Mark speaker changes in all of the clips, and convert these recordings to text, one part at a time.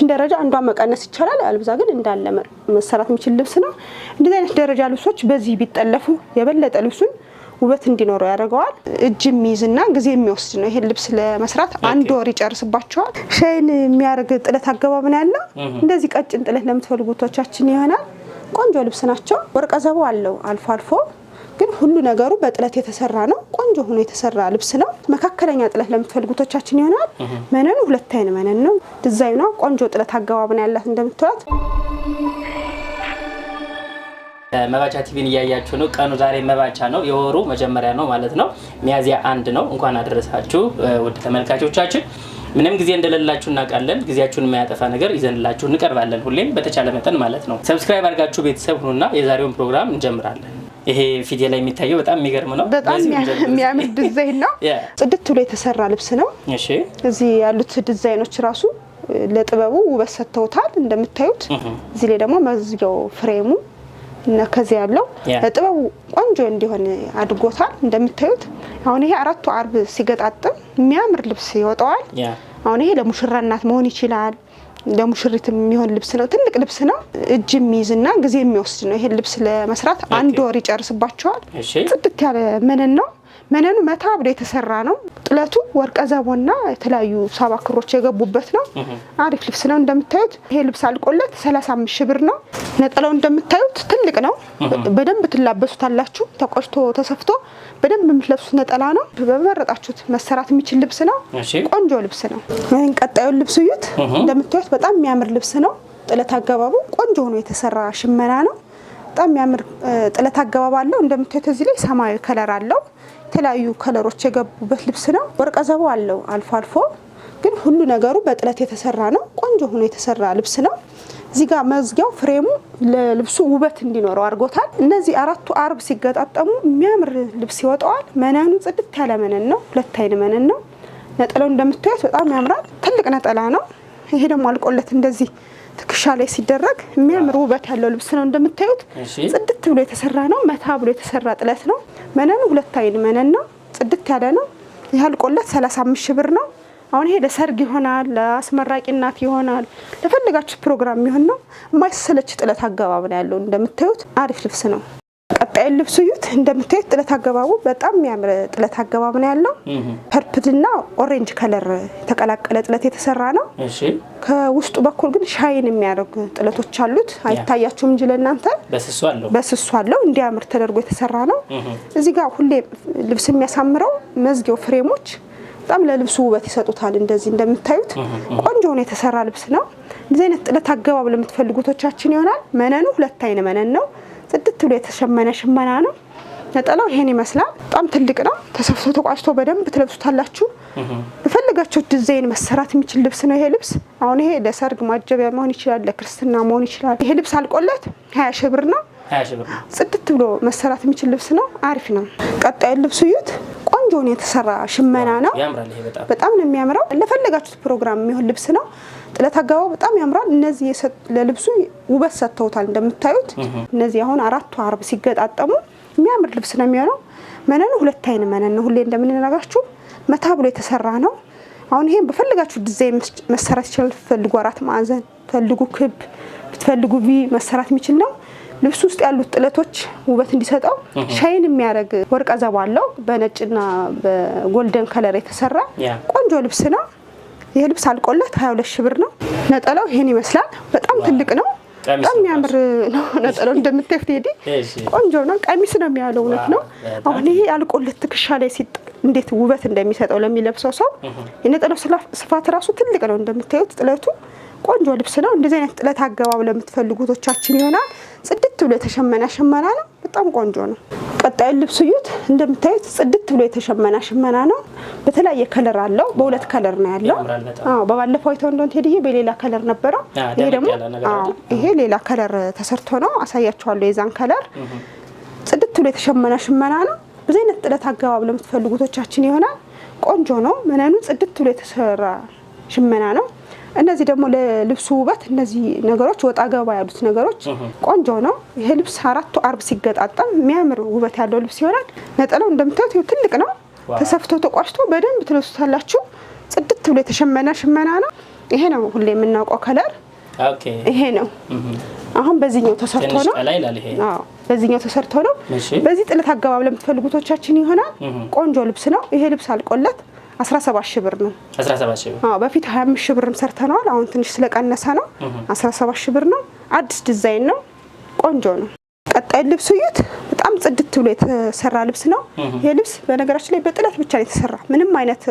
Speaker 1: በዚችን ደረጃ አንዷን መቀነስ ይቻላል። አልብዛ ግን እንዳለ መሰራት የሚችል ልብስ ነው። እንደዚህ አይነት ደረጃ ልብሶች በዚህ ቢጠለፉ የበለጠ ልብሱን ውበት እንዲኖረው ያደርገዋል። እጅ የሚይዝና ጊዜ የሚወስድ ነው። ይሄን ልብስ ለመስራት አንድ ወር ይጨርስባቸዋል። ሸይን የሚያደርግ ጥለት አገባብ ነው ያለው። እንደዚህ ቀጭን ጥለት ለምትፈልጉቶቻችን ይሆናል። ቆንጆ ልብስ ናቸው። ወርቀ ዘቦ አለው አልፎ አልፎ ግን ሁሉ ነገሩ በጥለት የተሰራ ነው። ቆንጆ ሆኖ የተሰራ ልብስ ነው። መካከለኛ ጥለት ለምትፈልጉቶቻችን ይሆናል። መነኑ ሁለት አይን መነን ነው። ዲዛይኗ ቆንጆ ጥለት አገባብን ያላት እንደምትላት
Speaker 2: መባቻ ቲቪን እያያችሁ ነው። ቀኑ ዛሬ መባቻ ነው፣ የወሩ መጀመሪያ ነው ማለት ነው። ሚያዚያ አንድ ነው። እንኳን አደረሳችሁ ውድ ተመልካቾቻችን። ምንም ጊዜ እንደሌላችሁ እናውቃለን። ጊዜያችሁን የማያጠፋ ነገር ይዘንላችሁ እንቀርባለን፣ ሁሌም በተቻለ መጠን ማለት ነው። ሰብስክራይብ አድርጋችሁ ቤተሰብ ሁኑና የዛሬውን ፕሮግራም እንጀምራለን። ይሄ ፊቴ ላይ የሚታየው በጣም የሚገርም ነው።
Speaker 1: በጣም የሚያምር ዲዛይን ነው። ጽድት ብሎ የተሰራ ልብስ ነው። እዚህ ያሉት ዲዛይኖች ራሱ ለጥበቡ ውበት ሰጥተውታል። እንደምታዩት እዚህ ላይ ደግሞ መዝጊያው ፍሬሙ እና ከዚህ ያለው ጥበቡ ቆንጆ እንዲሆን አድጎታል። እንደምታዩት አሁን ይሄ አራቱ አርብ ሲገጣጥም የሚያምር ልብስ ይወጣዋል። አሁን ይሄ ለሙሽራ እናት መሆን ይችላል። ለሙሽሪት የሚሆን ልብስ ነው። ትልቅ ልብስ ነው። እጅ የሚይዝና ጊዜ የሚወስድ ነው። ይሄን ልብስ ለመስራት አንድ ወር ይጨርስባቸዋል። ጽድት ያለ መነን ነው። መነኑ መታ የተሰራ ነው። ጥለቱ ወርቀ ዘቦና የተለያዩ ሳባ ክሮች የገቡበት ነው። አሪፍ ልብስ ነው። እንደምታዩት ይሄ ልብስ አልቆለት 35 ሺህ ብር ነው። ነጠላው እንደምታዩት ትልቅ ነው። በደንብ ትላበሱታላችሁ። ተቆጭቶ ተሰፍቶ በደንብ የምትለብሱት ነጠላ ነው። በመረጣችሁት መሰራት የሚችል ልብስ ነው። ቆንጆ ልብስ ነው። ይህን ቀጣዩን ልብስ እዩት። እንደምታዩት በጣም የሚያምር ልብስ ነው። ጥለት አገባቡ ቆንጆ ሆኖ የተሰራ ሽመና ነው። በጣም የሚያምር ጥለት አገባብ አለው። እንደምታዩት እዚህ ላይ ሰማያዊ ከለር አለው። የተለያዩ ከለሮች የገቡበት ልብስ ነው። ወርቀ ዘቦ አለው አልፎ አልፎ፣ ግን ሁሉ ነገሩ በጥለት የተሰራ ነው። ቆንጆ ሆኖ የተሰራ ልብስ ነው። እዚህ ጋር መዝጊያው ፍሬሙ ለልብሱ ውበት እንዲኖረው አድርጎታል። እነዚህ አራቱ አርብ ሲገጣጠሙ የሚያምር ልብስ ይወጣዋል። መነኑ ጽድት ያለ መነን ነው። ሁለት አይን መነን ነው። ነጠላው እንደምታዩት በጣም ያምራል። ትልቅ ነጠላ ነው። ይሄ ደግሞ አልቆለት እንደዚህ ትከሻ ላይ ሲደረግ የሚያምር ውበት ያለው ልብስ ነው። እንደምታዩት ጽድት ብሎ የተሰራ ነው። መታ ብሎ የተሰራ ጥለት ነው። መነኑ ሁለት አይን መነን ነው። ጽድት ያለ ነው። ይህ አልቆለት 35 ሺህ ብር ነው። አሁን ይሄ ለሰርግ ይሆናል፣ ለአስመራቂናት ይሆናል፣ ለፈልጋችሁ ፕሮግራም የሚሆን ነው። የማይሰለች ጥለት አገባብ ነው ያለው። እንደምታዩት አሪፍ ልብስ ነው። ቀጣዩን ልብሱ እዩት። እንደምታዩት ጥለት አገባቡ በጣም የሚያምር ጥለት አገባብ ነው ያለው። ፐርፕልና ኦሬንጅ ከለር የተቀላቀለ ጥለት የተሰራ ነው። ከውስጡ በኩል ግን ሻይን የሚያደርጉ ጥለቶች አሉት። አይታያችሁም እንጂ ለእናንተ በስሱ አለው። እንዲያምር ተደርጎ የተሰራ ነው። እዚህ ጋር ሁሌ ልብስ የሚያሳምረው መዝጊያው ፍሬሞች በጣም ለልብሱ ውበት ይሰጡታል። እንደዚህ እንደምታዩት ቆንጆ ሆኖ የተሰራ ልብስ ነው። እንደዚህ አይነት ጥለት አገባብ ለምትፈልጉቶቻችን ይሆናል። መነኑ ሁለት አይነ መነን ነው። ጽድት ብሎ የተሸመነ ሽመና ነው። ነጠላው ይሄን ይመስላል። በጣም ትልቅ ነው። ተሰፍቶ ተቋጭቶ በደንብ ትለብሱታላችሁ። በፈለጋችሁ ዲዛይን መሰራት የሚችል ልብስ ነው ይሄ ልብስ። አሁን ይሄ ለሰርግ ማጀቢያ መሆን ይችላል፣ ለክርስትና መሆን ይችላል። ይሄ ልብስ አልቆለት ሀያ ሺህ ብር ነው። ጽድት ብሎ መሰራት የሚችል ልብስ ነው። አሪፍ ነው። ቀጣዩ ልብሱ እዩት። ቆንጆ የተሰራ ሽመና ነው። በጣም ነው የሚያምረው። ለፈለጋችሁት ፕሮግራም የሚሆን ልብስ ነው። ጥለት አገባቡ በጣም ያምራል። እነዚህ ለልብሱ ውበት ሰጥተውታል። እንደምታዩት እነዚህ አሁን አራቱ አርብ ሲገጣጠሙ የሚያምር ልብስ ነው የሚሆነው። መነኑ ሁለት አይን መነን ነው። ሁሌ እንደምንነጋችሁ መታ ብሎ የተሰራ ነው። አሁን ይሄን በፈለጋችሁ ዲዛይን መሰራት ይችላል። ፈልጉ አራት ማዕዘን፣ ፈልጉ ክብ፣ ብትፈልጉ ቪ መሰራት የሚችል ነው። ልብሱ ውስጥ ያሉት ጥለቶች ውበት እንዲሰጠው ሻይን የሚያደርግ ወርቀ ዘብ አለው። በነጭና በጎልደን ከለር የተሰራ ቆንጆ ልብስ ነው። ይሄ ልብስ አልቆለት 22 ሺህ ብር ነው። ነጠላው ይሄን ይመስላል። በጣም ትልቅ ነው። በጣም የሚያምር ነው ነጠላው። እንደምታዩት ቴዲ ቆንጆ ነው። ቀሚስ ነው የሚያለው እውነት ነው። አሁን ይሄ አልቆለት ትከሻ ላይ ሲጥ እንዴት ውበት እንደሚሰጠው ለሚለብሰው ሰው የነጠላው ስፋት ራሱ ትልቅ ነው። እንደምታዩት ጥለቱ ቆንጆ ልብስ ነው። እንደዚህ አይነት ጥለት አገባብ ለምትፈልጉቶቻችን ይሆናል። ጽድት ብሎ የተሸመነ ሽመና ነው። በጣም ቆንጆ ነው። ቀጣዩን ልብስ እዩት። እንደምታዩት ጽድት ብሎ የተሸመና ሽመና ነው። በተለያየ ከለር አለው። በሁለት ከለር ነው ያለው። በባለፈው አይተው እንደሆነ ቴድዬ በሌላ ከለር ነበረው። ይሄ ደግሞ ይሄ ሌላ ከለር ተሰርቶ ነው። አሳያችኋለሁ የዛን ከለር። ጽድት ብሎ የተሸመነ ሽመና ነው። ብዙ አይነት ጥለት አገባብ ለምትፈልጉቶቻችን ይሆናል። ቆንጆ ነው። መነኑ ጽድት ብሎ የተሰራ ሽመና ነው። እነዚህ ደግሞ ለልብሱ ውበት እነዚህ ነገሮች ወጣ ገባ ያሉት ነገሮች ቆንጆ ነው። ይሄ ልብስ አራቱ አርብ ሲገጣጠም የሚያምር ውበት ያለው ልብስ ይሆናል። ነጠላው እንደምታዩት ትልቅ ነው። ተሰፍቶ ተቋጭቶ በደንብ ትለብሱታላችሁ። ጽድት ብሎ የተሸመነ ሽመና ነው። ይሄ ነው ሁሌ የምናውቀው ከለር ይሄ ነው። አሁን በዚህኛው ተሰርቶ ነው። በዚህኛው ተሰርቶ ነው። በዚህ ጥለት አገባብ ለምትፈልጉቶቻችን ይሆናል። ቆንጆ ልብስ ነው። ይሄ ልብስ አልቆለት 17 ሺህ ብር ነው።
Speaker 2: 17 ሺህ ብር
Speaker 1: አዎ፣ በፊት 25 ሺህ ብርም ሰርተነዋል። አሁን ትንሽ ስለቀነሰ ነው 17 ሺህ ብር ነው። አዲስ ዲዛይን ነው፣ ቆንጆ ነው። ቀጣይ ልብሱ እዩት። በጣም ጽድት ብሎ የተሰራ ልብስ ነው። ይህ ልብስ በነገራችን ላይ በጥለት ብቻ ነው የተሰራ። ምንም አይነት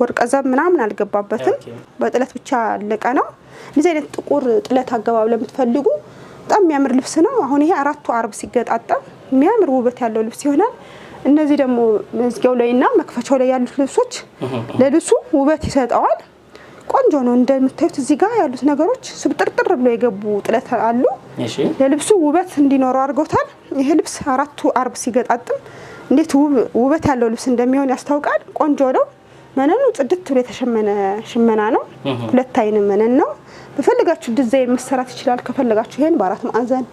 Speaker 1: ወርቀ ዘብ ምናምን አልገባበትም። በጥለት ብቻ ያለቀ ነው። እንደዚህ አይነት ጥቁር ጥለት አገባብ ለምትፈልጉ በጣም የሚያምር ልብስ ነው። አሁን ይሄ አራቱ አርብ ሲገጣጠም የሚያምር ውበት ያለው ልብስ ይሆናል። እነዚህ ደግሞ መዝጊያው ላይ እና መክፈቻው ላይ ያሉት ልብሶች ለልብሱ ውበት ይሰጠዋል። ቆንጆ ነው። እንደምታዩት እዚህ ጋር ያሉት ነገሮች ስብጥርጥር ብሎ የገቡ ጥለት አሉ። ለልብሱ ውበት እንዲኖረው አድርገውታል። ይሄ ልብስ አራቱ አርብ ሲገጣጥም እንዴት ውበት ያለው ልብስ እንደሚሆን ያስታውቃል። ቆንጆ ነው። መነኑ ጽድት ብሎ የተሸመነ ሽመና ነው። ሁለት አይን መነን ነው። በፈለጋችሁ ዲዛይን መሰራት ይችላል። ከፈለጋችሁ ይሄን በአራት ማዕዘን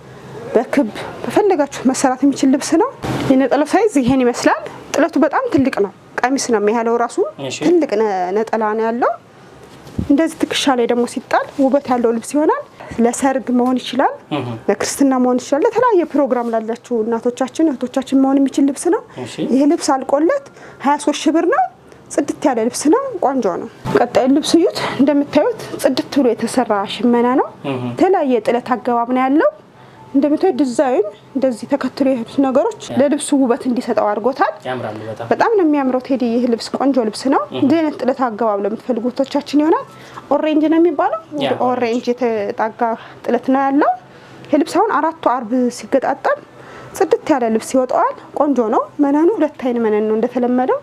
Speaker 1: በክብ በፈለጋችሁ መሰራት የሚችል ልብስ ነው። የነጠላው ሳይዝ ይሄን ይመስላል። ጥለቱ በጣም ትልቅ ነው። ቀሚስ ነው የሚያለው ራሱ ትልቅ ነጠላ ነው ያለው። እንደዚህ ትከሻ ላይ ደግሞ ሲጣል ውበት ያለው ልብስ ይሆናል። ለሰርግ መሆን ይችላል፣ ለክርስትና መሆን ይችላል። ለተለያየ ፕሮግራም ላላችሁ እናቶቻችን እህቶቻችን መሆን የሚችል ልብስ ነው። ይህ ልብስ አልቆለት ሀያ ሶስት ብር ነው። ጽድት ያለ ልብስ ነው። ቆንጆ ነው። ቀጣዩ ልብስ እዩት። እንደምታዩት ጽድት ብሎ የተሰራ ሽመና ነው። የተለያየ ጥለት አገባብ ነው ያለው። እንደምታዩት ዲዛይን እንደዚህ ተከትሎ የሄዱት ነገሮች ለልብሱ ውበት እንዲሰጠው አድርጎታል። በጣም ነው የሚያምረው። ቴዲ ይህ ልብስ ቆንጆ ልብስ ነው። እንዲህ አይነት ጥለት አገባብ ለምትፈልጉቶቻችን ይሆናል። ኦሬንጅ ነው የሚባለው። ኦሬንጅ የተጣጋ ጥለት ነው ያለው። ይህ ልብስ አሁን አራቱ አርብ ሲገጣጠም ጽድት ያለ ልብስ ይወጣዋል። ቆንጆ ነው። መነኑ ሁለት አይን መነን ነው እንደተለመደው።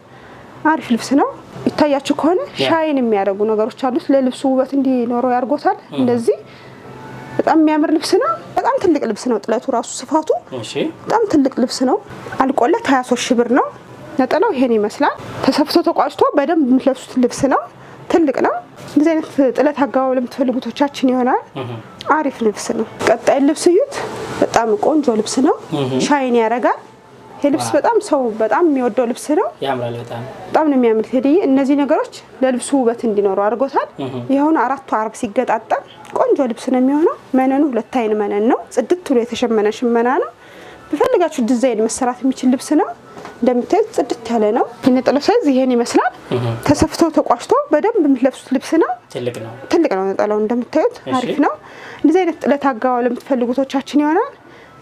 Speaker 1: አሪፍ ልብስ ነው። ይታያችሁ ከሆነ ሻይን የሚያደርጉ ነገሮች አሉት። ለልብሱ ውበት እንዲኖረው ያርጎታል። እንደዚህ በጣም የሚያምር ልብስ ነው። በጣም ትልቅ ልብስ ነው። ጥለቱ ራሱ ስፋቱ በጣም ትልቅ ልብስ ነው። አልቆለት 23 ሺህ ብር ነው። ነጠላው ይሄን ይመስላል። ተሰፍቶ ተቋጭቶ በደንብ የምትለብሱት ልብስ ነው። ትልቅ ነው። እንደዚህ አይነት ጥለት አገባብ ለምትፈልጉቶቻችን ይሆናል። አሪፍ ልብስ ነው። ቀጣይ ልብስ እዩት። በጣም ቆንጆ ልብስ ነው። ሻይን ያደርጋል። ይሄ ልብስ በጣም ሰው በጣም የሚወደው ልብስ ነው። በጣም ነው የሚያምር ቴዲዬ። እነዚህ ነገሮች ለልብሱ ውበት እንዲኖሩ አድርጎታል። የሆነ አራቱ አርብ ሲገጣጠም ቆንጆ ልብስ ነው የሚሆነው። መነኑ ሁለት አይን መነን ነው። ጽድት ብሎ የተሸመነ ሽመና ነው። በፈልጋችሁ ዲዛይን መሰራት የሚችል ልብስ ነው። እንደምታዩት ጽድት ያለ ነው። የነጠላው ሳይዝ ይሄን ይመስላል። ተሰፍቶ ተቋሽቶ በደንብ የምትለብሱት ልብስ ነው። ትልቅ ነው ነጠለው። እንደምታዩት አሪፍ ነው። እንደዚህ አይነት ጥለት አጋባ ለምትፈልጉቶቻችን ይሆናል።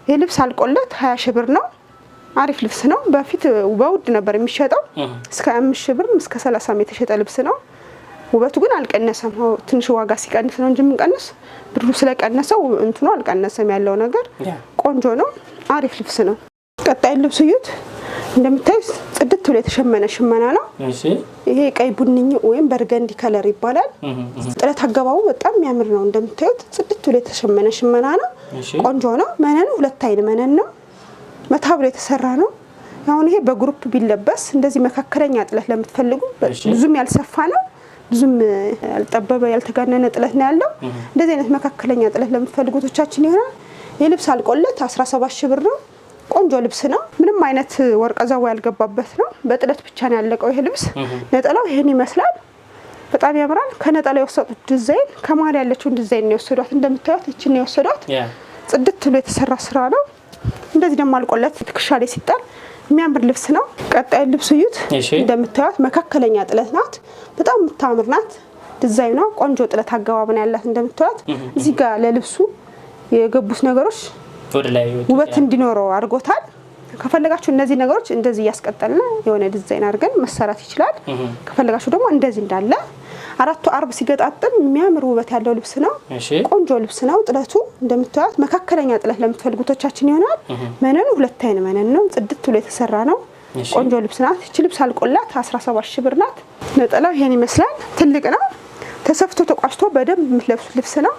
Speaker 1: ይህ ልብስ አልቆለት ሀያ ሺህ ብር ነው። አሪፍ ልብስ ነው። በፊት በውድ ነበር የሚሸጠው እስከ አምስት ሺህ ብርም እስከ ሰላሳም የተሸጠ ልብስ ነው። ውበቱ ግን አልቀነሰም። ትንሽ ዋጋ ሲቀንስ ነው እንጂ የምንቀንስ ብሩ ስለቀነሰው እንትኑ አልቀነሰም። ያለው ነገር ቆንጆ ነው። አሪፍ ልብስ ነው። ቀጣይ ልብስ እዩት። እንደምታዩት ጽድት ብሎ የተሸመነ ሽመና ነው። ይሄ ቀይ ቡኒኝ ወይም በርገንዲ ከለር ይባላል። ጥለት አገባቡ በጣም የሚያምር ነው። እንደምታዩት ጽድት ብሎ የተሸመነ ሽመና ነው። ቆንጆ ነው። መነን ሁለት አይን መነን ነው። መታብሎ የተሰራ ነው። አሁን ይሄ በግሩፕ ቢለበስ እንደዚህ መካከለኛ ጥለት ለምትፈልጉ ብዙም ያልሰፋ ነው፣ ብዙም ያልጠበበ ያልተጋነነ ጥለት ነው ያለው። እንደዚህ አይነት መካከለኛ ጥለት ለምትፈልጉ ቶቻችን ይሆናል። የልብስ አልቆለት 17 ሺ ብር ነው። ቆንጆ ልብስ ነው። ምንም አይነት ወርቀ ዘቦ ያልገባበት ነው። በጥለት ብቻ ነው ያለቀው ይሄ ልብስ። ነጠላው ይህን ይመስላል። በጣም ያምራል። ከነጠላ የወሰዱት ዲዛይን ከመሀል ያለችውን ዲዛይን ነው የወሰዷት። እንደምታዩት እችን ነው የወሰዷት። ጽድት ብሎ የተሰራ ስራ ነው። እንደዚህ ደግሞ አልቆለት ትከሻ ላይ ሲጣል የሚያምር ልብስ ነው። ቀጣይ ልብስ እዩት። እንደምታዩት መካከለኛ ጥለት ናት። በጣም የምታምር ናት። ዲዛይኗ ቆንጆ ጥለት አገባብን ያላት እንደምታዩት። እዚህ ጋር ለልብሱ የገቡት ነገሮች ውበት እንዲኖረው አድርጎታል። ከፈለጋችሁ እነዚህ ነገሮች እንደዚህ እያስቀጠልን የሆነ ዲዛይን አድርገን መሰራት ይችላል። ከፈለጋችሁ ደግሞ እንደዚህ እንዳለ አራቱ አርብ ሲገጣጠም የሚያምር ውበት ያለው ልብስ ነው። ቆንጆ ልብስ ነው። ጥለቱ እንደምታዩት መካከለኛ ጥለት ለምትፈልጉቶቻችን ይሆናል። መነኑ ሁለት አይን መነን ነው። ጽድት ብሎ የተሰራ ነው። ቆንጆ ልብስ ናት። ይቺ ልብስ አልቆላት 17 ሺህ ብር ናት። ነጠላው ይሄን ይመስላል። ትልቅ ነው። ተሰፍቶ ተቋጭቶ በደንብ የምትለብሱት ልብስ ነው።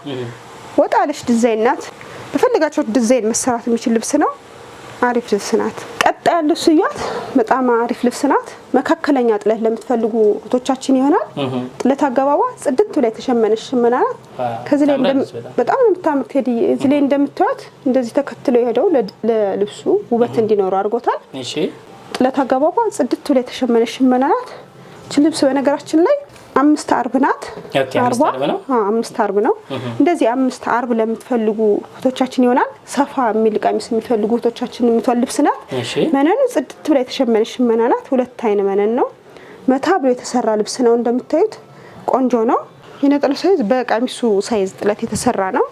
Speaker 1: ወጣለች ዲዛይን ናት። በፈለጋቸው ዲዛይን መሰራት የሚችል ልብስ ነው። አሪፍ ልብስ ናት። ቀጣይ ልብስ በጣም አሪፍ ልብስ ናት። መካከለኛ ጥለት ለምትፈልጉ እህቶቻችን ይሆናል። ጥለት አገባቧ ጽድት ብላ የተሸመነች ሽመና ናት። ከዚህ ላይ በጣም ነው የምታምር ቴዲ። እዚህ ላይ እንደምታዩት እንደዚህ ተከትሎ የሄደው ለልብሱ ውበት እንዲኖረው አድርጎታል። ጥለት አገባቧ ጽድት ብላ የተሸመነች ሽመና ናት። ልብስ በነገራችን ላይ አምስት አርብ ናት። አምስት አርብ ነው። እንደዚህ አምስት አርብ ለምትፈልጉ እህቶቻችን ይሆናል። ሰፋ የሚል ቀሚስ የሚፈልጉ እህቶቻችን የምትል ልብስ ናት። መነኑ ጽድት ብላ የተሸመነ ሽመና ናት። ሁለት አይን መነን ነው። መታ ብሎ የተሰራ ልብስ ነው። እንደምታዩት ቆንጆ ነው። የነጠላው ሳይዝ በቀሚሱ ሳይዝ ጥለት የተሰራ ነው።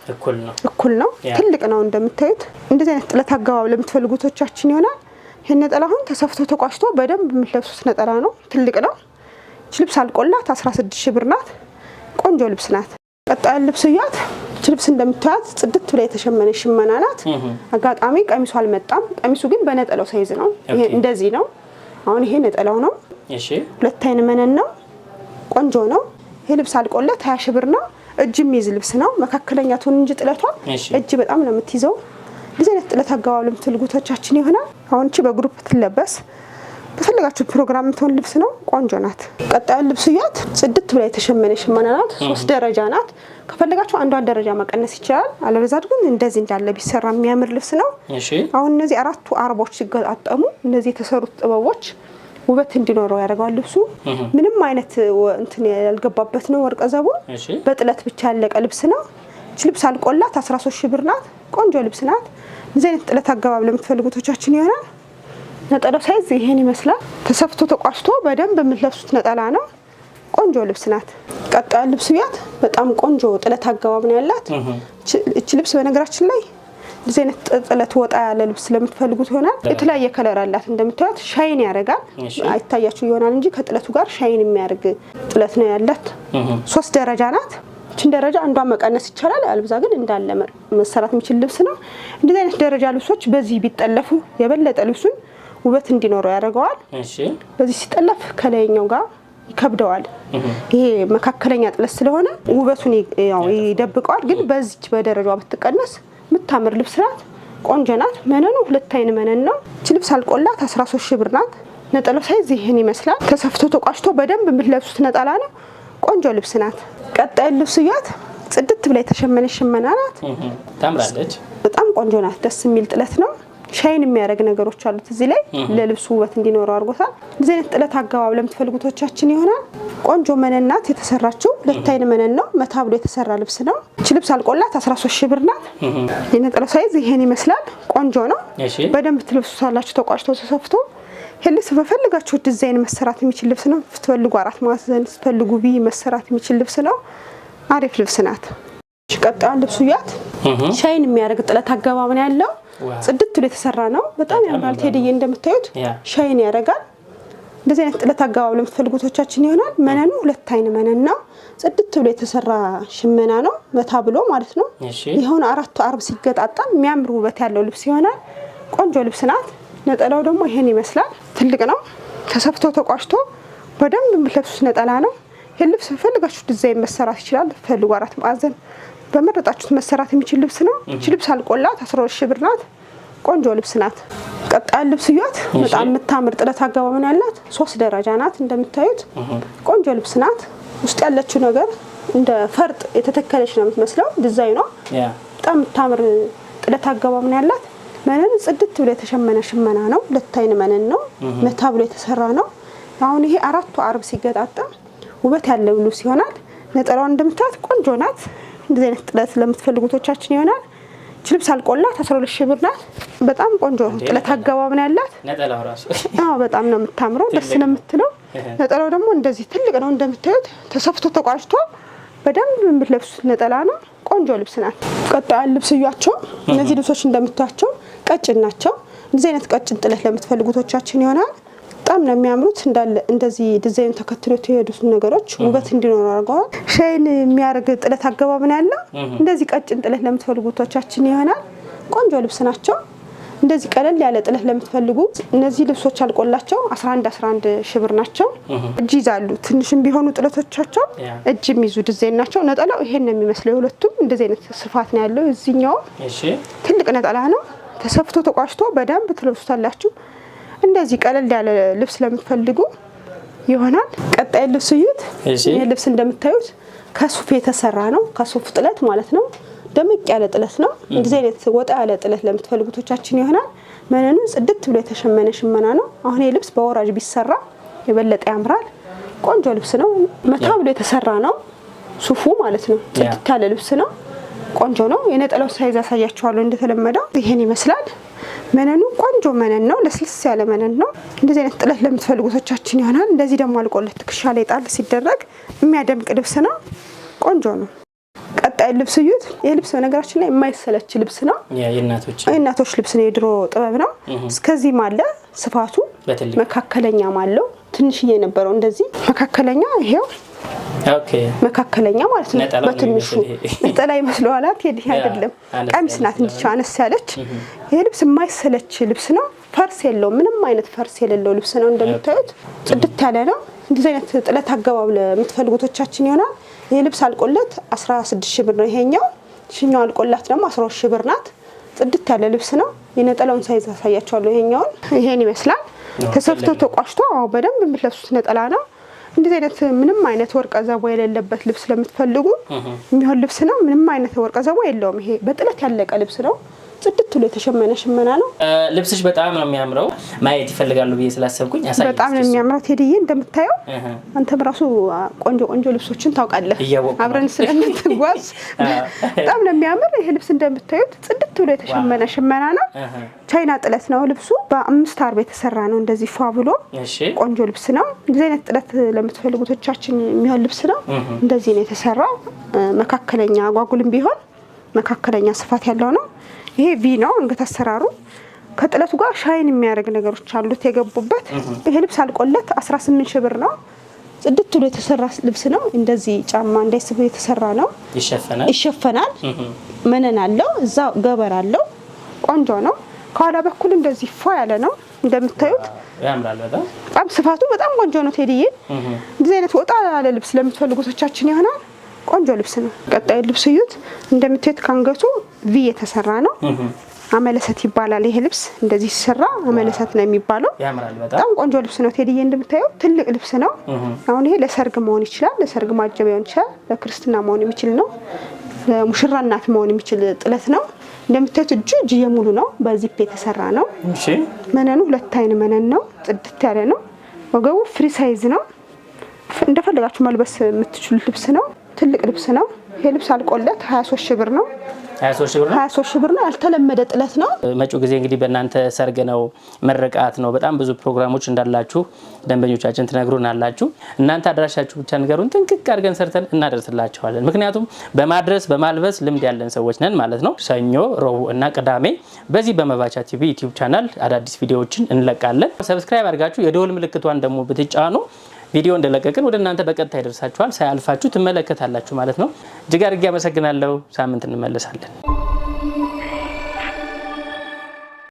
Speaker 1: እኩል ነው። ትልቅ ነው። እንደምታዩት እንደዚህ አይነት ጥለት አገባብ ለምትፈልጉ እህቶቻችን ይሆናል። ይህ ነጠላ አሁን ተሰፍቶ ተቋሽቶ በደንብ የምትለብሱት ነጠላ ነው። ትልቅ ነው። ልብስ አልቆላት 16 ሺህ ብር ናት። ቆንጆ ልብስ ናት። ቀጣዩ ልብስ እያት። ልብስ እንደምታያት ጽድት ብላ የተሸመነ ሽመና ናት። አጋጣሚ ቀሚሱ አልመጣም። ቀሚሱ ግን በነጠላው ሳይዝ ነው። ይሄ እንደዚህ ነው። አሁን ይሄ ነጠላው ነው። እሺ፣ ሁለት አይን መነን ነው። ቆንጆ ነው። ይሄ ልብስ አልቆላት 20 ሺህ ብር ነው። እጅ የሚይዝ ልብስ ነው። መካከለኛ ትሁን እንጂ ጥለቷ እጅ በጣም ነው የምትይዘው። እንደዚህ አይነት ጥለት አገባብ ለምትፈልጉ ይሆናል። አሁን እቺ በግሩፕ ትለበስ በፈለጋችሁ ፕሮግራም የምትሆን ልብስ ነው። ቆንጆ ናት። ቀጣዩ ልብስ እያት። ጽድት ብላ የተሸመነ ሽመና ናት። ሶስት ደረጃ ናት። ከፈለጋችሁ አንዷን ደረጃ መቀነስ ይችላል። አለበዛት ግን እንደዚህ እንዳለ ቢሰራ የሚያምር ልብስ ነው። አሁን እነዚህ አራቱ አርቦች ሲገጣጠሙ እነዚህ የተሰሩት ጥበቦች ውበት እንዲኖረው ያደርገዋል። ልብሱ ምንም አይነት እንትን ያልገባበት ነው። ወርቀ ዘቡ በጥለት ብቻ ያለቀ ልብስ ነው። ልብስ አልቆላት 13 ሺ ብር ናት። ቆንጆ ልብስ ናት። እዚህ አይነት ጥለት አገባብ ለምትፈልጉቶቻችን ይሆናል። ነጠላው ሳይዝ ይሄን ይመስላል። ተሰፍቶ ተቋስቶ በደንብ የምትለብሱት ነጠላ ነው። ቆንጆ ልብስ ናት። ቀጣ ልብስ ያት በጣም ቆንጆ ጥለት አገባብ ነው ያላት እቺ ልብስ። በነገራችን ላይ እንደዚህ አይነት ጥለት ወጣ ያለ ልብስ ስለምትፈልጉት ይሆናል። የተለያየ ከለር አላት እንደምታዩት፣ ሻይን ያደርጋል። አይታያችሁ ይሆናል እንጂ ከጥለቱ ጋር ሻይን የሚያደርግ ጥለት ነው ያላት። ሶስት ደረጃ ናት። ይችን ደረጃ አንዷን መቀነስ ይቻላል። አልብዛ ግን እንዳለ መሰራት የሚችል ልብስ ነው። እንደዚህ አይነት ደረጃ ልብሶች በዚህ ቢጠለፉ የበለጠ ልብሱን ውበት እንዲኖረው ያደርገዋል። በዚህ ሲጠለፍ ከላይኛው ጋር ይከብደዋል። ይሄ መካከለኛ ጥለት ስለሆነ ውበቱን ይደብቀዋል። ግን በዚች በደረጃዋ ብትቀነስ የምታምር ልብስ ናት። ቆንጆ ናት። መነኑ ሁለት አይን መነን ነው። ች ልብስ አልቆላት 13 ሺህ ብር ናት። ነጠላው ሳይዝ ይህን ይመስላል። ተሰፍቶ ተቋጭቶ በደንብ የምትለብሱት ነጠላ ነው። ቆንጆ ልብስ ናት። ቀጣይ ልብስ እያት። ጽድት ብላ የተሸመነ ሽመና ናት። በጣም ቆንጆ ናት። ደስ የሚል ጥለት ነው። ሻይን የሚያደርግ ነገሮች አሉት እዚህ ላይ ለልብሱ ውበት እንዲኖረው አድርጎታል። እንደዚህ አይነት ጥለት አገባብ ለምትፈልጉቶቻችን ይሆናል። ቆንጆ መነን ናት የተሰራችው። ሁለት አይን መነን ነው መታ ብሎ የተሰራ ልብስ ነው። ች ልብስ አልቆላት 13 ሺ ብር ናት። የነጠለው ሳይዝ ይሄን ይመስላል። ቆንጆ ነው። በደንብ ሳላችሁ ተቋጭቶ ተሰፍቶ ልብስ በፈልጋችሁ ዲዛይን መሰራት የሚችል ልብስ ነው። ስትፈልጉ አራት ማዕዘን ስትፈልጉ ቢ መሰራት የሚችል ልብስ ነው። አሪፍ ልብስ ናት። ቀጣዩን ልብሱ ያት ሻይን የሚያደርግ ጥለት አገባብ ነው ያለው። ጽድት ብሎ የተሰራ ነው። በጣም ያምራል። ቴዲዬ እንደምታዩት ሻይን ያደርጋል። እንደዚህ አይነት ጥለት አገባብ ለምትፈልጉቶቻችን ይሆናል። መነኑ ሁለት አይን መነን ነው። ጽድት ብሎ የተሰራ ሽመና ነው። መታ ብሎ ማለት ነው። ይኸውን አራቱ አርብ ሲገጣጣም የሚያምር ውበት ያለው ልብስ ይሆናል። ቆንጆ ልብስ ናት። ነጠላው ደግሞ ይሄን ይመስላል። ትልቅ ነው። ተሰፍቶ ተቋጭቶ በደንብ የምትለብሱት ነጠላ ነው። ይህን ልብስ ፈልጋችሁ ዲዛይን መሰራት ይችላል። ፈልጉ አራት ማዕዘን በመረጣችሁት መሰራት የሚችል ልብስ ነው። እች ልብስ አልቆላት አስራ ሁለት ሺህ ብር ናት። ቆንጆ ልብስ ናት። ቀጣይ ልብስ እያት በጣም የምታምር ጥለት አገባብ ነው ያላት። ሶስት ደረጃ ናት እንደምታዩት ቆንጆ ልብስ ናት። ውስጥ ያለችው ነገር እንደ ፈርጥ የተተከለች ነው የምትመስለው። ዲዛይኗ በጣም የምታምር ጥለት አገባብ ነው ያላት። መነን ጽድት ብሎ የተሸመነ ሽመና ነው። ሁለት አይን መነን ነው። መታ ብሎ የተሰራ ነው። አሁን ይሄ አራቱ አርብ ሲገጣጠም ውበት ያለው ልብስ ይሆናል። ነጠላዋን እንደምታዩት ቆንጆ ናት። እንደዚህ አይነት ጥለት ለምትፈልጉቶቻችን ይሆናል። ይች ልብስ አልቆላት አስራ ሁለት ሺህ ብር ናት። በጣም ቆንጆ ጥለት አገባብ ነው ያላት። አዎ በጣም ነው የምታምረው፣ ደስ ነው የምትለው። ነጠላው ደግሞ እንደዚህ ትልቅ ነው እንደምታዩት፣ ተሰፍቶ ተቋጭቶ በደንብ የምትለብሱት ነጠላ ነው። ቆንጆ ልብስ ናት። ቀጣዩን ልብስ እያቸው። እነዚህ ልብሶች እንደምታቸው ቀጭን ናቸው። እንደዚህ አይነት ቀጭን ጥለት ለምትፈልጉቶቻችን ይሆናል። በጣም ነው የሚያምሩት። እንዳለ እንደዚህ ዲዛይን ተከትሎ የተሄዱት ነገሮች ውበት እንዲኖሩ አድርገዋል። ሻይን የሚያደርግ ጥለት አገባብን ያለው እንደዚህ ቀጭን ጥለት ለምትፈልጉ ቶቻችን ይሆናል። ቆንጆ ልብስ ናቸው። እንደዚህ ቀለል ያለ ጥለት ለምትፈልጉ እነዚህ ልብሶች አልቆላቸው 11 11 ሺህ ብር ናቸው። እጅ ይዛሉ። ትንሽም ቢሆኑ ጥለቶቻቸው እጅ የሚይዙ ዲዛይን ናቸው። ነጠላው ይሄን ነው የሚመስለው። የሁለቱም እንደዚህ አይነት ስፋት ነው ያለው። እዚኛው ትልቅ ነጠላ ነው ተሰፍቶ ተቋጭቶ በደንብ ትለብሱታላችሁ። እንደዚህ ቀለል ያለ ልብስ ለምትፈልጉ ይሆናል። ቀጣይ ልብስ እዩት። ይህ ልብስ እንደምታዩት ከሱፍ የተሰራ ነው። ከሱፍ ጥለት ማለት ነው። ደመቅ ያለ ጥለት ነው። እንደዚህ አይነት ወጣ ያለ ጥለት ለምትፈልጉቶቻችን ይሆናል። መነኑ ጽድት ብሎ የተሸመነ ሽመና ነው። አሁን ይህ ልብስ በወራጅ ቢሰራ የበለጠ ያምራል። ቆንጆ ልብስ ነው። መታ ብሎ የተሰራ ነው። ሱፉ ማለት ነው። ጽድት ያለ ልብስ ነው። ቆንጆ ነው። የነጠላው ሳይዝ ያሳያችኋለሁ እንደተለመደው ይሄን ይመስላል። መነኑ ቆንጆ መነን ነው። ለስልስ ያለ መነን ነው። እንደዚህ አይነት ጥለት ለምትፈልጉ ይሆናል። እንደዚህ ደግሞ አልቆለት ትከሻ ላይ ጣል ሲደረግ የሚያደምቅ ልብስ ነው። ቆንጆ ነው። ቀጣይ ልብስ እዩት። ይህ ልብስ በነገራችን ላይ የማይሰለች ልብስ ነው።
Speaker 2: የእናቶች
Speaker 1: ልብስ ነው። የድሮ ጥበብ ነው። እስከዚህም አለ ስፋቱ መካከለኛም አለው። ትንሽዬ ነበረው እንደዚህ መካከለኛ ይሄው መካከለኛ ማለት ነው። በትንሹ ነጠላ ይመስለዋል። ይህ አይደለም፣ ቀሚስ ናት እንዲች አነስ ያለች። ይሄ ልብስ የማይሰለች ልብስ ነው። ፈርስ የለውም። ምንም አይነት ፈርስ የሌለው ልብስ ነው። እንደምታዩት ጽድት ያለ ነው። እንደዚህ አይነት ጥለት አገባብ ለምትፈልጉቶቻችን ይሆናል። ይህ ልብስ አልቆለት 16 ሺህ ብር ነው ይሄኛው። ሽኛው አልቆላት ደግሞ 12 ሺ ብር ናት። ጽድት ያለ ልብስ ነው። የነጠላውን ሳይዝ አሳያቸዋለሁ። ይሄኛውን ይሄን ይመስላል። ተሰፍቶ ተቋሽቶ በደንብ የምትለብሱት ነጠላ ነው። እንደዚህ አይነት ምንም አይነት ወርቀ ዘቦ የሌለበት ልብስ ለምትፈልጉ የሚሆን ልብስ ነው። ምንም አይነት ወርቀ ዘቦ የለውም። ይሄ በጥለት ያለቀ ልብስ ነው። ጽድት ብሎ የተሸመነ ሽመና ነው።
Speaker 2: ልብስሽ በጣም ነው የሚያምረው። ማየት ይፈልጋሉ ብዬ ስላሰብኩኝ
Speaker 1: በጣም ነው የሚያምረው። ሄድዬ እንደምታየው አንተም ራሱ ቆንጆ ቆንጆ ልብሶችን ታውቃለህ። አብረን ስለምትጓዝ በጣም ነው የሚያምር ይህ ልብስ። እንደምታዩት ጽድት ብሎ የተሸመነ ሽመና ነው። ቻይና ጥለት ነው ልብሱ። በአምስት አርብ የተሰራ ነው። እንደዚህ ፏ ብሎ ቆንጆ ልብስ ነው። እንደዚህ አይነት ጥለት ለምትፈልጉቶቻችን የሚሆን ልብስ ነው። እንደዚህ ነው የተሰራው። መካከለኛ አጓጉልም ቢሆን መካከለኛ ስፋት ያለው ነው። ይሄ ቪ ነው አንገት አሰራሩ። ከጥለቱ ጋር ሻይን የሚያደርግ ነገሮች አሉት የገቡበት። ይሄ ልብስ አልቆለት 18 ሺህ ብር ነው። ጽድት ብሎ የተሰራ ልብስ ነው። እንደዚህ ጫማ እንዳይስብ የተሰራ ነው። ይሸፈናል። መነን አለው፣ እዛ ገበር አለው። ቆንጆ ነው። ከኋላ በኩል እንደዚህ ፏ ያለ ነው እንደምታዩት። በጣም ስፋቱ በጣም ቆንጆ ነው። ቴዲዬ እንደዚህ አይነት ወጣ ያለ ልብስ ለምትፈልጉቶቻችን ይሆናል። ቆንጆ ልብስ ነው። ቀጣዩ ልብስ እዩት። እንደምታዩት ከአንገቱ። ቪ የተሰራ ነው። አመለሰት ይባላል። ይሄ ልብስ እንደዚህ ሲሰራ አመለሰት ነው የሚባለው። በጣም ቆንጆ ልብስ ነው ቴዲዬ፣ እንደምታየው ትልቅ ልብስ ነው። አሁን ይሄ ለሰርግ መሆን ይችላል፣ ለሰርግ ማጀቢያ ሆን ይችላል፣ ለክርስትና መሆን የሚችል ነው፣ ለሙሽራ እናት መሆን የሚችል ጥለት ነው። እንደምታዩት እጁ እጅ የሙሉ ነው፣ በዚፕ የተሰራ ነው። መነኑ ሁለት አይን መነን ነው፣ ጥድት ያለ ነው። ወገቡ ፍሪ ሳይዝ ነው። እንደፈለጋችሁ መልበስ የምትችሉት ልብስ ነው። ትልቅ ልብስ ነው። ይሄ ልብስ አልቆለት 23 ሺህ ብር ነው።
Speaker 2: 23
Speaker 1: ሺህ ብር ነው። ያልተለመደ ጥለት ነው።
Speaker 2: መጪው ጊዜ እንግዲህ በእናንተ ሰርግ ነው፣ ምርቃት ነው፣ በጣም ብዙ ፕሮግራሞች እንዳላችሁ ደንበኞቻችን ትነግሩን አላችሁ። እናንተ አድራሻችሁ ብቻ ንገሩን፣ ጥንቅቅ አድርገን ሰርተን እናደርስላችኋለን። ምክንያቱም በማድረስ በማልበስ ልምድ ያለን ሰዎች ነን ማለት ነው። ሰኞ፣ ረቡዕ እና ቅዳሜ በዚህ በመባቻ ቲቪ ዩቲዩብ ቻናል አዳዲስ ቪዲዮዎችን እንለቃለን። ሰብስክራይብ አድርጋችሁ የደወል ምልክቷን ደግሞ ብትጫኑ ቪዲዮ እንደለቀቅን ወደ እናንተ በቀጥታ ይደርሳችኋል። ሳያልፋችሁ ትመለከታላችሁ ማለት ነው። እጅግ አድርጌ አመሰግናለሁ። ሳምንት እንመለሳለን።